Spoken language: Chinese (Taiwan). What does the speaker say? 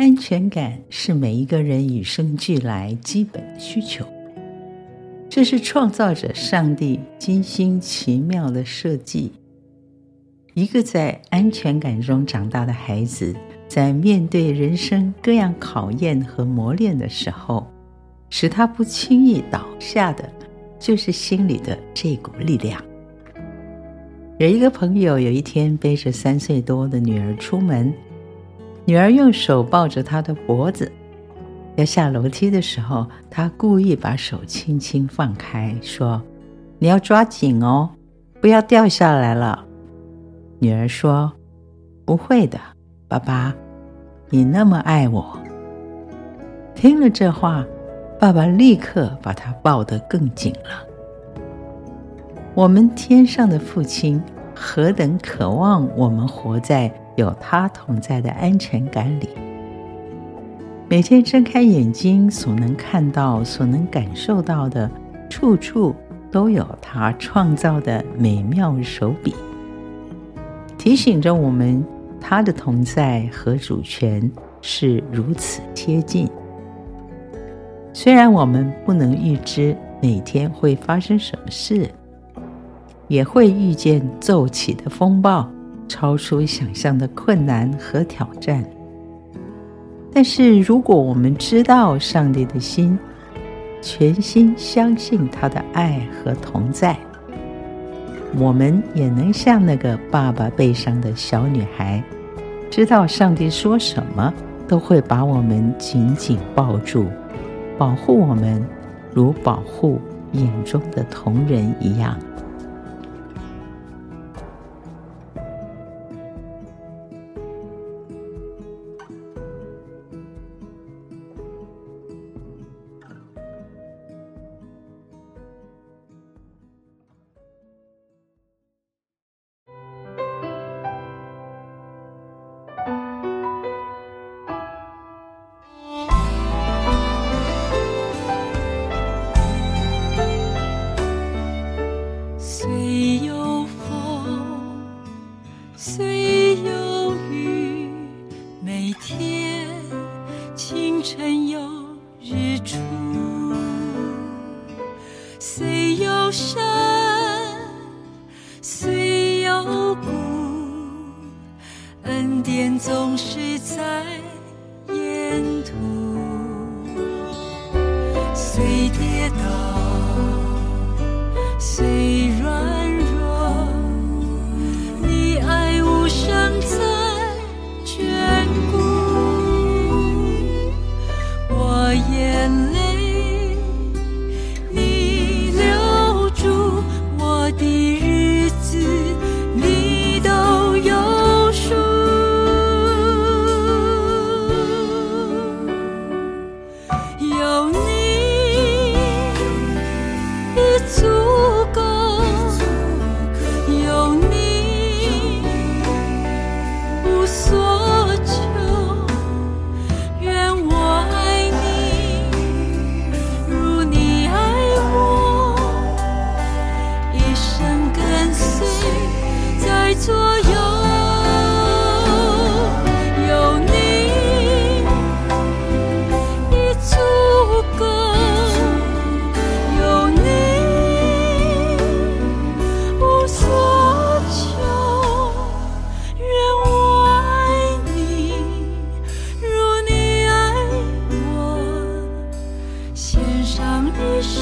安全感是每一個人與生俱來基本的需求，這是創造者上帝精心奇妙的設計。一個在安全感中長大的孩子，在面對人生各樣考驗和磨練的時候，使他不輕易倒下的，就是心裡的這股力量。有一個朋友，有一天背着三歲多的女兒出門。女兒用手抱着他的脖子，要下樓梯的時候，他故意把手輕輕放開，說：“你要抓緊哦，不要掉下來了。”女兒說：“不會的，爸爸，你那麼愛我。”聽了這話，爸爸立刻把他抱得更緊了。我們天上的父親何等渴望我們活在……有他同在的安全感裡，每天睜開眼睛所能看到、所能感受到的，處處都有他創造的美妙手筆，提醒着我們，他的同在和主權是如此貼近。雖然我們不能預知每天會發生什麼事，也會遇見驟起的風暴。超出想象的困難和挑戰，但是如果我們知道上帝的心，全心相信他的愛和同在，我們也能像那個爸爸背上的小女孩，知道上帝說什麼都會把我們緊緊抱住，保護我們，如保護眼中的瞳人一樣。山雖有故，恩典總是在沿途。雖跌倒，雖軟弱，你愛無聲在眷顧。左右有你，已足夠，有你無所求。願我愛你如你愛我，獻上一生。